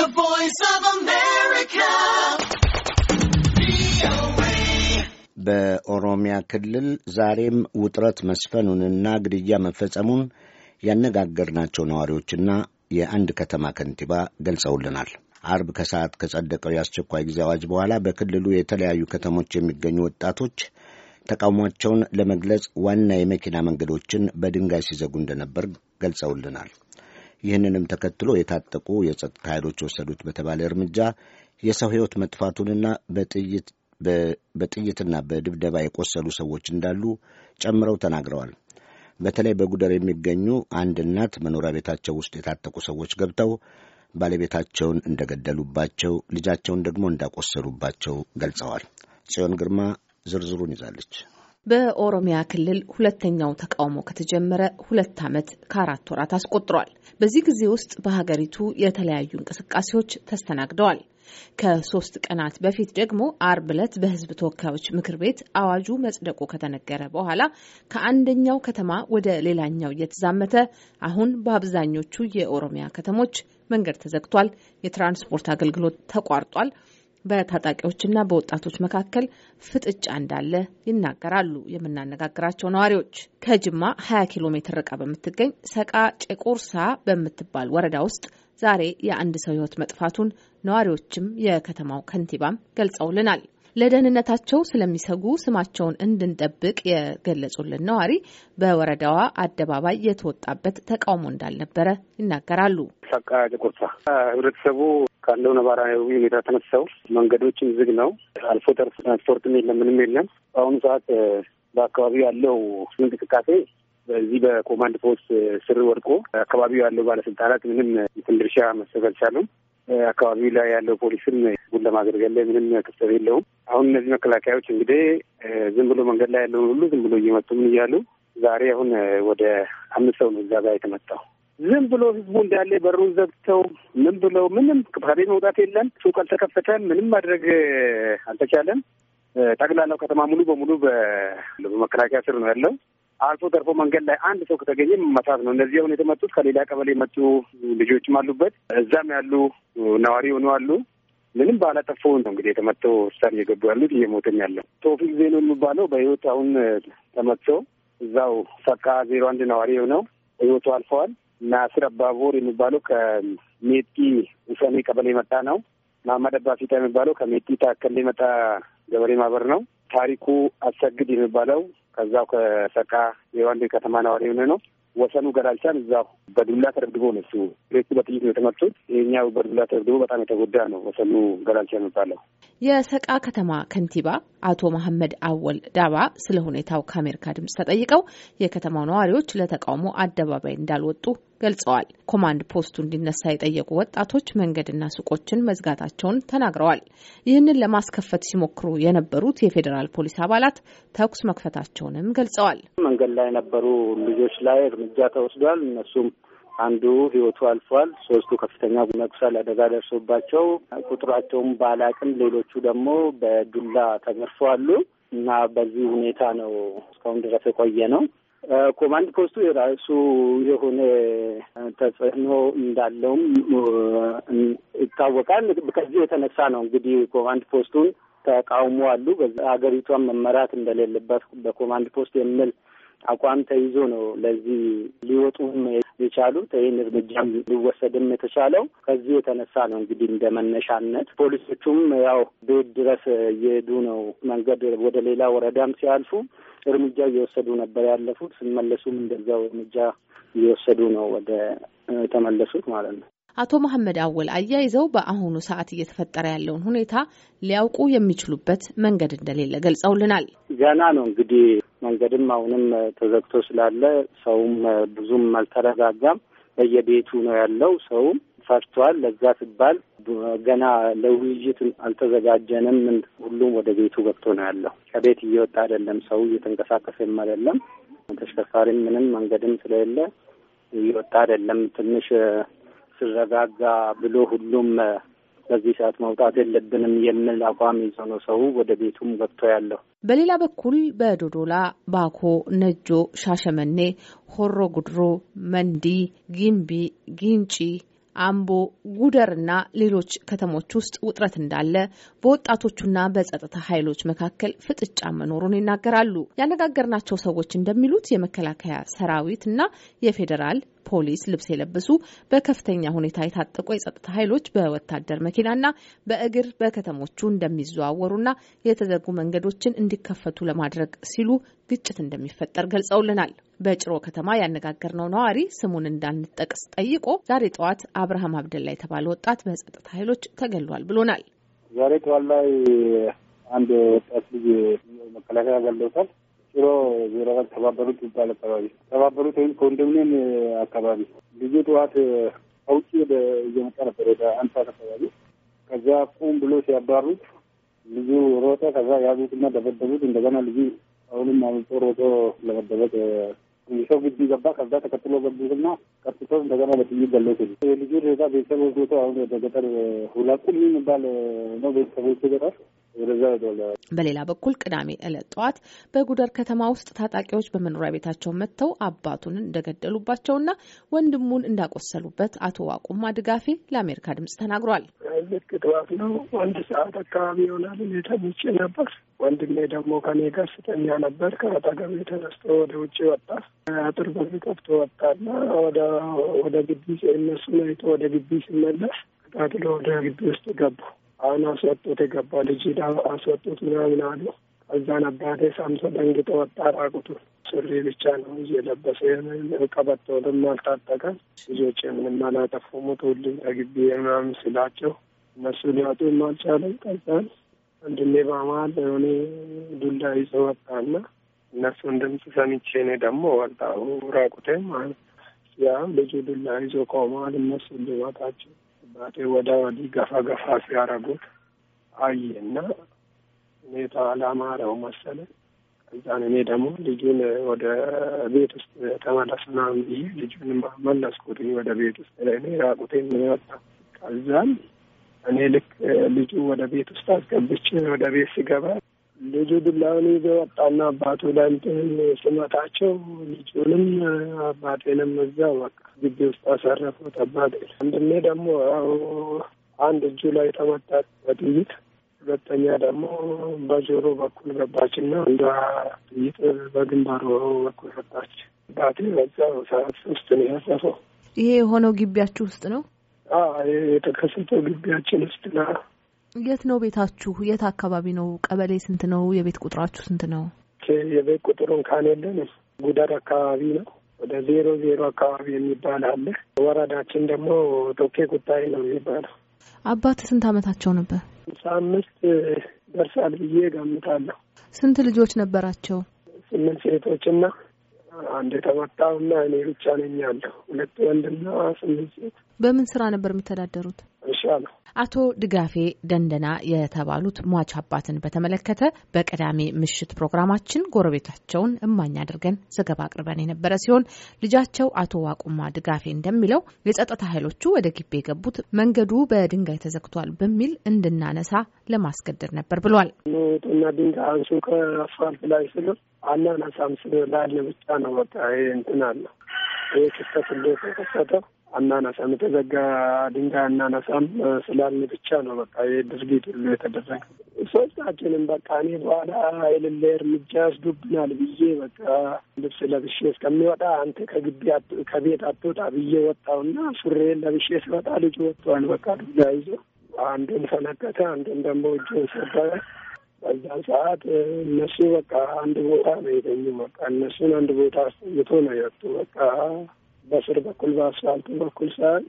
The Voice of America. በኦሮሚያ ክልል ዛሬም ውጥረት መስፈኑንና ግድያ መፈጸሙን ያነጋገርናቸው ነዋሪዎችና የአንድ ከተማ ከንቲባ ገልጸውልናል። አርብ ከሰዓት ከጸደቀው የአስቸኳይ ጊዜ አዋጅ በኋላ በክልሉ የተለያዩ ከተሞች የሚገኙ ወጣቶች ተቃውሟቸውን ለመግለጽ ዋና የመኪና መንገዶችን በድንጋይ ሲዘጉ እንደነበር ገልጸውልናል። ይህንንም ተከትሎ የታጠቁ የጸጥታ ኃይሎች ወሰዱት በተባለ እርምጃ የሰው ሕይወት መጥፋቱንና በጥይትና በድብደባ የቆሰሉ ሰዎች እንዳሉ ጨምረው ተናግረዋል። በተለይ በጉደር የሚገኙ አንድ እናት መኖሪያ ቤታቸው ውስጥ የታጠቁ ሰዎች ገብተው ባለቤታቸውን እንደገደሉባቸው፣ ልጃቸውን ደግሞ እንዳቆሰሉባቸው ገልጸዋል። ጽዮን ግርማ ዝርዝሩን ይዛለች። በኦሮሚያ ክልል ሁለተኛው ተቃውሞ ከተጀመረ ሁለት ዓመት ከአራት ወራት አስቆጥሯል። በዚህ ጊዜ ውስጥ በሀገሪቱ የተለያዩ እንቅስቃሴዎች ተስተናግደዋል። ከሶስት ቀናት በፊት ደግሞ አርብ ዕለት በሕዝብ ተወካዮች ምክር ቤት አዋጁ መጽደቁ ከተነገረ በኋላ ከአንደኛው ከተማ ወደ ሌላኛው እየተዛመተ አሁን በአብዛኞቹ የኦሮሚያ ከተሞች መንገድ ተዘግቷል፣ የትራንስፖርት አገልግሎት ተቋርጧል፣ በታጣቂዎችና በወጣቶች መካከል ፍጥጫ እንዳለ ይናገራሉ። የምናነጋግራቸው ነዋሪዎች ከጅማ 20 ኪሎ ሜትር ርቃ በምትገኝ ሰቃ ጬቁርሳ በምትባል ወረዳ ውስጥ ዛሬ የአንድ ሰው ሕይወት መጥፋቱን ነዋሪዎችም የከተማው ከንቲባም ገልጸውልናል። ለደህንነታቸው ስለሚሰጉ ስማቸውን እንድንጠብቅ የገለጹልን ነዋሪ በወረዳዋ አደባባይ የተወጣበት ተቃውሞ እንዳልነበረ ይናገራሉ። ሳቃ ጨቆርሳ ህብረተሰቡ ካለው ነባራዊ ሁኔታ ተነሳው መንገዶችም ዝግ ነው። አልፎ ተርፎ ትራንስፖርትም የለም፣ ምንም የለም። በአሁኑ ሰዓት በአካባቢው ያለው እንቅስቃሴ በዚህ በኮማንድ ፖስት ስር ወድቆ አካባቢው ያለው ባለስልጣናት ምንም እንትን መሰገል ቻሉም አካባቢው ላይ ያለው ፖሊስም ህጉን ለማገልገል ላይ ምንም ክፍተት የለውም። አሁን እነዚህ መከላከያዎች እንግዲህ ዝም ብሎ መንገድ ላይ ያለውን ሁሉ ዝም ብሎ እየመቱ ምን እያሉ ዛሬ አሁን ወደ አምስት ሰው ነው እዛ ጋር የተመጣው። ዝም ብሎ ህዝቡ እንዳለ በሩን ዘግተው ምን ብለው ምንም ከቤት መውጣት የለም። ሱቅ አልተከፈተም። ምንም ማድረግ አልተቻለም። ጠቅላላው ከተማ ሙሉ በሙሉ በመከላከያ ስር ነው ያለው። አልፎ ተርፎ መንገድ ላይ አንድ ሰው ከተገኘ መመታት ነው። እነዚህ አሁን የተመቱት ከሌላ ቀበሌ የመጡ ልጆችም አሉበት። እዛም ያሉ ነዋሪ የሆኑ አሉ። ምንም ባላጠፉ ነው እንግዲህ የተመተው ሆስፒታል እየገቡ ያሉት እየሞተም ያለው ቶፊክ ዜኖ የሚባለው በህይወት አሁን ተመቶ እዛው ሰካ ዜሮ አንድ ነዋሪ የሆነው ህይወቱ አልፈዋል። ናስር አባቦር የሚባለው ከሜጢ ውሰኔ ቀበሌ መጣ ነው። መሀመድ አባፊታ የሚባለው ከሜጢ ታከል የመጣ ገበሬ ማህበር ነው። ታሪኩ አሰግድ የሚባለው ከዛው ከሰቃ የዋንዴ ከተማ ነዋሪ የሆነ ነው። ወሰኑ ገላልቻን እዛው በዱላ ተደብድቦ ነው እሱ። ሬቱ በጥይት ነው የተመቱት። ይህኛው በዱላ ተደብድቦ በጣም የተጎዳ ነው። ወሰኑ ገላልቻ የሚባለው የሰቃ ከተማ ከንቲባ አቶ መሐመድ አወል ዳባ ስለ ሁኔታው ከአሜሪካ ድምጽ ተጠይቀው የከተማው ነዋሪዎች ለተቃውሞ አደባባይ እንዳልወጡ ገልጸዋል። ኮማንድ ፖስቱ እንዲነሳ የጠየቁ ወጣቶች መንገድና ሱቆችን መዝጋታቸውን ተናግረዋል። ይህንን ለማስከፈት ሲሞክሩ የነበሩት የፌዴራል ፖሊስ አባላት ተኩስ መክፈታቸውንም ገልጸዋል። መንገድ ላይ የነበሩ ልጆች ላይ እርምጃ ተወስዷል። እነሱም አንዱ ህይወቱ አልፏል። ሶስቱ ከፍተኛ መቁሰል አደጋ ደርሶባቸው ቁጥራቸውን ባላቅም ሌሎቹ ደግሞ በዱላ ተገርፈዋል እና በዚህ ሁኔታ ነው እስካሁን ድረስ የቆየ ነው። ኮማንድ ፖስቱ የራሱ የሆነ ተጽዕኖ እንዳለውም ይታወቃል። ከዚህ የተነሳ ነው እንግዲህ ኮማንድ ፖስቱን ተቃውሞ አሉ። ሀገሪቷን መመራት እንደሌለበት በኮማንድ ፖስት የሚል አቋም ተይዞ ነው ለዚህ ሊወጡም የቻሉት ይህን እርምጃም ሊወሰድም የተቻለው ከዚህ የተነሳ ነው። እንግዲህ እንደ መነሻነት ፖሊሶቹም ያው ቤት ድረስ እየሄዱ ነው። መንገድ ወደ ሌላ ወረዳም ሲያልፉ እርምጃ እየወሰዱ ነበር ያለፉት። ስመለሱም እንደዚያው እርምጃ እየወሰዱ ነው ወደ የተመለሱት ማለት ነው። አቶ መሐመድ አወል አያይዘው በአሁኑ ሰዓት እየተፈጠረ ያለውን ሁኔታ ሊያውቁ የሚችሉበት መንገድ እንደሌለ ገልጸውልናል። ገና ነው እንግዲህ መንገድም አሁንም ተዘግቶ ስላለ ሰውም ብዙም አልተረጋጋም። በየቤቱ ነው ያለው ሰውም ፈርቷል። ለዛ ሲባል ገና ለውይይት አልተዘጋጀንም። ሁሉም ወደ ቤቱ ገብቶ ነው ያለው። ከቤት እየወጣ አይደለም። ሰው እየተንቀሳቀሰም አይደለም። ተሽከርካሪም ምንም መንገድም ስለሌለ እየወጣ አይደለም። ትንሽ ስረጋጋ ብሎ ሁሉም በዚህ ሰዓት መውጣት የለብንም የሚል አቋም ይዞ ነው ሰው ወደ ቤቱም ገብቶ ያለው። በሌላ በኩል በዶዶላ፣ ባኮ፣ ነጆ፣ ሻሸመኔ፣ ሆሮ ጉድሮ፣ መንዲ፣ ጊምቢ፣ ጊንጪ አምቦ፣ እና ሌሎች ከተሞች ውስጥ ውጥረት እንዳለ በወጣቶቹና በጸጥታ ኃይሎች መካከል ፍጥጫ መኖሩን ይናገራሉ። ያነጋገርናቸው ሰዎች እንደሚሉት የመከላከያ ሰራዊት እና የፌዴራል ፖሊስ ልብስ የለበሱ በከፍተኛ ሁኔታ የታጠቁ የጸጥታ ኃይሎች በወታደር መኪናና በእግር በከተሞቹ እንደሚዘዋወሩና የተዘጉ መንገዶችን እንዲከፈቱ ለማድረግ ሲሉ ግጭት እንደሚፈጠር ገልጸውልናል። በጭሮ ከተማ ያነጋገርነው ነዋሪ ስሙን እንዳንጠቅስ ጠይቆ ዛሬ ጠዋት አብርሃም አብደላ የተባለ ወጣት በጸጥታ ኃይሎች ተገሏል ብሎናል። ዛሬ ጠዋት ላይ አንድ ወጣት ልጅ መከላከያ ገለውታል። ጭሮ ዞረባል ተባበሩት ይባል አካባቢ ተባበሩት ወይም ኮንዶሚኒየም አካባቢ ልዩ ጠዋት ከውጭ ወደ እየመጣ ነበር ወደ አንሳ አካባቢ። ከዛ ቁም ብሎ ሲያባሩት ልዩ ሮጠ። ከዛ ያዙትና ደበደቡት። እንደገና ልዩ አሁንም አምልጦ ሮጦ ለመደበቅ የሰው ግቢ ገባ። ከዛ ተከትሎ ገቡትና ቀጥቶ እንደገና በጥይት ገለት የልጁ ሁኔታ ቤተሰቦች ቦታ አሁን ወደ ገጠር ሁላቁም የሚባል ነው ቤተሰቦች ገጠር በሌላ በኩል ቅዳሜ ዕለት ጠዋት በጉደር ከተማ ውስጥ ታጣቂዎች በመኖሪያ ቤታቸው መጥተው አባቱን እንደገደሉባቸውና ወንድሙን እንዳቆሰሉበት አቶ ዋቁማ ድጋፌ ለአሜሪካ ድምጽ ተናግሯል። ልክ ጠዋት ነው፣ አንድ ሰዓት አካባቢ ይሆናል። እኔ ተኝቼ ነበር። ወንድሜ ደግሞ ከኔ ጋር ስተኛ ነበር። ከአጠገቤ ተነስቶ ወደ ውጭ ወጣ። አጥር በር ከፍቶ ወጣና ወደ ግቢ እነሱን ወደ ግቢ ሲመለስ ተቃጥሎ ወደ ግቢ ውስጥ ገቡ። አሁን አስወጡት የገባ ልጅ ዳ አስወጡት ምናምን አሉ። እዛን አባቴ ሳምቶ ደንግጦ ወጣ። ራቁቱ ሱሪ ብቻ ነው እየለበሰ ቀበቶንም አልታጠቀም። ልጆች ምንም አላጠፉ ሁሉ ከግቢ ምናምን ስላቸው እነሱ ሊያጡም አልቻለም። ከዛን አንድኔ በማል ሆኔ ዱላ ይዞ ወጣና እነሱን ድምፅ ሰምቼ እኔ ደግሞ ወጣሁ ራቁቴ ያ ልጁ ዱላ ይዞ ቆመዋል። እነሱ ልመታቸው አባቴ ወዳ ወዲህ ገፋ ገፋ ሲያደርጉት እና ሁኔታ አላማረው መሰለ። ከዛን እኔ ደግሞ ልጁን ወደ ቤት ውስጥ ተመለስና ምናምን ብዬ ልጁን መለስኩት ወደ ቤት ውስጥ ለእኔ ራቁቴ ወጣ። ከዛም እኔ ልክ ልጁ ወደ ቤት ውስጥ አስገብቼ ወደ ቤት ሲገባ ልጁ ዱላውን ይዞ ወጣና አባቱ ላይ ስመታቸው ልጁንም አባቴንም እዛው በቃ ግቢ ውስጥ አሰረፉት። አባቴ አንድሜ ደግሞ አንድ እጁ ላይ ተመታ በጥይት ሁለተኛ ደግሞ በጆሮ በኩል ገባችና አንዷ ጥይት በግንባሮ በኩል ገባች። አባቴ በዛው ሰዓት ውስጥ ነው ያረፈው። ይሄ የሆነው ግቢያችሁ ውስጥ ነው? የተከሰተው ግቢያችን ውስጥ ነው። የት ነው ቤታችሁ? የት አካባቢ ነው? ቀበሌ ስንት ነው? የቤት ቁጥራችሁ ስንት ነው? የቤት ቁጥሩን ካሌለን ጉደር አካባቢ ነው። ወደ ዜሮ ዜሮ አካባቢ የሚባል አለ። ወረዳችን ደግሞ ቶኬ ቁጣይ ነው የሚባለው። አባት ስንት አመታቸው ነበር? አምሳ አምስት ደርሳል ብዬ ገምታለሁ። ስንት ልጆች ነበራቸው? ስምንት ሴቶችና አንድ የተመታውና እኔ ብቻ ነኝ ሁለት ወንድና ስምንት ሴት። በምን ስራ ነበር የሚተዳደሩት? አቶ ድጋፌ ደንደና የተባሉት ሟች አባትን በተመለከተ በቅዳሜ ምሽት ፕሮግራማችን ጎረቤታቸውን እማኝ አድርገን ዘገባ አቅርበን የነበረ ሲሆን ልጃቸው አቶ ዋቁማ ድጋፌ እንደሚለው የጸጥታ ኃይሎቹ ወደ ግቢ የገቡት መንገዱ በድንጋይ ተዘግቷል በሚል እንድናነሳ ለማስገደድ ነበር ብሏል። ጡና ድንጋይ አንሱ ከአስፋልት ላይ ስል አናናሳም ስለ ብቻ ነው በቃ ይህ እንትን አለ ይህ ክስተት እንደተከሰተው አናናሳም የተዘጋ ድንጋይ አናናሳም ስላልን ብቻ ነው በቃ ድርጊት ሁሉ የተደረገ። ሶስታችንም በቃ እኔ በኋላ የሌለ እርምጃ ያስዱብናል ብዬ በቃ ልብስ ለብሼ እስከሚወጣ አንተ ከግቢ ከቤት አትወጣ ብዬ ወጣውና ሱሬን ለብሼ ስወጣ ልጁ ወጥቷል። በቃ ዱላ ይዞ አንዱን ፈነከተ፣ አንዱን ደግሞ እጁን ሰበረ። በዛን ሰዓት እነሱ በቃ አንድ ቦታ ነው የተኙ። በቃ እነሱን አንድ ቦታ አስተኝቶ ነው የወጡ በቃ በስር በኩል በአስፋልቱ በኩል ሳል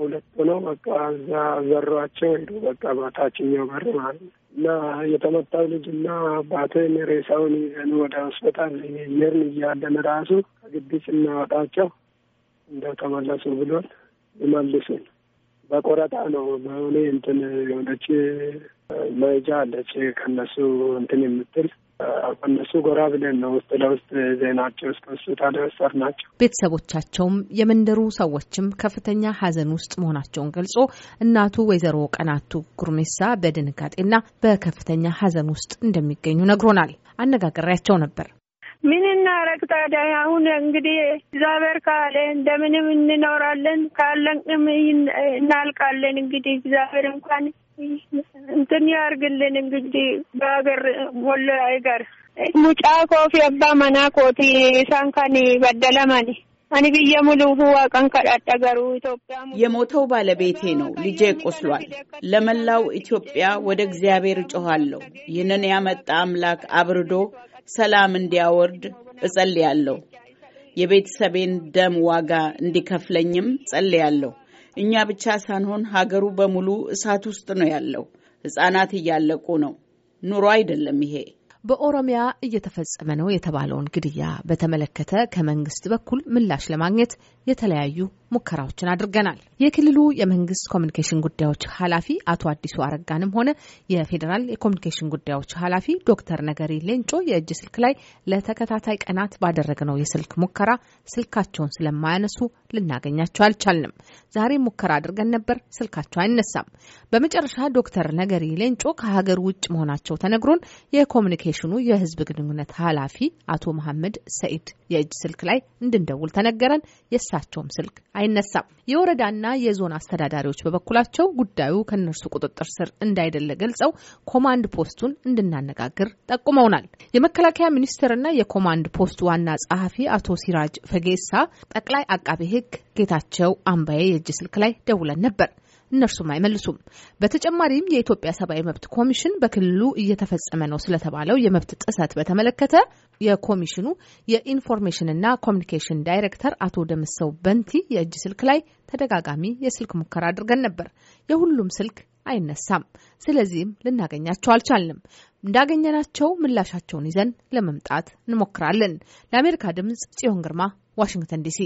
ሁለት ሆነው በቃ እዛ ዘሯቸው ሄዱ። በቃ ባታችኛው በር ማለት ነው እና የተመታው ልጅና አባትን ሬሳውን ይዘን ወደ ሆስፒታል የርን እያለን ራሱ ከግቢ ስናወጣቸው እንደው ተመለሱ ብሎን ይመልሱን በቆረጣ ነው በሆኔ እንትን የሆነች መጃ አለች ከነሱ እንትን የምትል እነሱ ጎራ ብለን ነው ውስጥ ለውስጥ ዜናቸው እስከ እሱ ታደረሰር ናቸው። ቤተሰቦቻቸውም የመንደሩ ሰዎችም ከፍተኛ ሀዘን ውስጥ መሆናቸውን ገልጾ እናቱ ወይዘሮ ቀናቱ ጉርሜሳ በድንጋጤና በከፍተኛ ሀዘን ውስጥ እንደሚገኙ ነግሮናል። አነጋግሬያቸው ነበር። ምን እናረግ ታዲያ? አሁን እንግዲህ እግዚአብሔር ካለ እንደምንም እንኖራለን፣ ካለን እናልቃለን። እንግዲህ እግዚአብሔር እንኳን እንትን ያርግልን እንግዲህ በሀገር ሞሎ አይጋር ሙጫ ኮፊ አባ መና ኮቲ ሳንካኒ በደለማኒ አኒ ብየ ሙሉ ሁዋ ቀን ከዳዳ ኢትዮጵያ የሞተው ባለቤቴ ነው። ልጄ ቆስሏል። ለመላው ኢትዮጵያ ወደ እግዚአብሔር እጮኋለሁ። ይህንን ያመጣ አምላክ አብርዶ ሰላም እንዲያወርድ እጸልያለሁ። የቤተሰቤን ደም ዋጋ እንዲከፍለኝም ጸልያለሁ። እኛ ብቻ ሳንሆን ሀገሩ በሙሉ እሳት ውስጥ ነው ያለው። ህጻናት እያለቁ ነው። ኑሮ አይደለም ይሄ። በኦሮሚያ እየተፈጸመ ነው የተባለውን ግድያ በተመለከተ ከመንግስት በኩል ምላሽ ለማግኘት የተለያዩ ሙከራዎችን አድርገናል። የክልሉ የመንግስት ኮሚኒኬሽን ጉዳዮች ኃላፊ አቶ አዲሱ አረጋንም ሆነ የፌዴራል የኮሚኒኬሽን ጉዳዮች ኃላፊ ዶክተር ነገሪ ሌንጮ የእጅ ስልክ ላይ ለተከታታይ ቀናት ባደረግነው የስልክ ሙከራ ስልካቸውን ስለማያነሱ ልናገኛቸው አልቻልንም። ዛሬ ሙከራ አድርገን ነበር፣ ስልካቸው አይነሳም። በመጨረሻ ዶክተር ነገሪ ሌንጮ ከሀገር ውጭ መሆናቸው ተነግሮን የኮሚኒኬሽኑ የህዝብ ግንኙነት ኃላፊ አቶ መሐመድ ሰኢድ የእጅ ስልክ ላይ እንድንደውል ተነገረን። የእሳቸውም ስልክ አይነሳም። የወረዳና የዞን አስተዳዳሪዎች በበኩላቸው ጉዳዩ ከእነርሱ ቁጥጥር ስር እንዳይደለ ገልጸው ኮማንድ ፖስቱን እንድናነጋግር ጠቁመውናል። የመከላከያ ሚኒስቴርና የኮማንድ ፖስት ዋና ጸሐፊ አቶ ሲራጅ ፈጌሳ ጠቅላይ አቃቤ ሕግ ጌታቸው አምባዬ የእጅ ስልክ ላይ ደውለን ነበር። እነርሱም አይመልሱም። በተጨማሪም የኢትዮጵያ ሰብአዊ መብት ኮሚሽን በክልሉ እየተፈጸመ ነው ስለተባለው የመብት ጥሰት በተመለከተ የኮሚሽኑ የኢንፎርሜሽንና ኮሚኒኬሽን ዳይሬክተር አቶ ደምሰው በንቲ የእጅ ስልክ ላይ ተደጋጋሚ የስልክ ሙከራ አድርገን ነበር። የሁሉም ስልክ አይነሳም። ስለዚህም ልናገኛቸው አልቻልንም። እንዳገኘናቸው ምላሻቸውን ይዘን ለመምጣት እንሞክራለን። ለአሜሪካ ድምጽ ጽዮን ግርማ ዋሽንግተን ዲሲ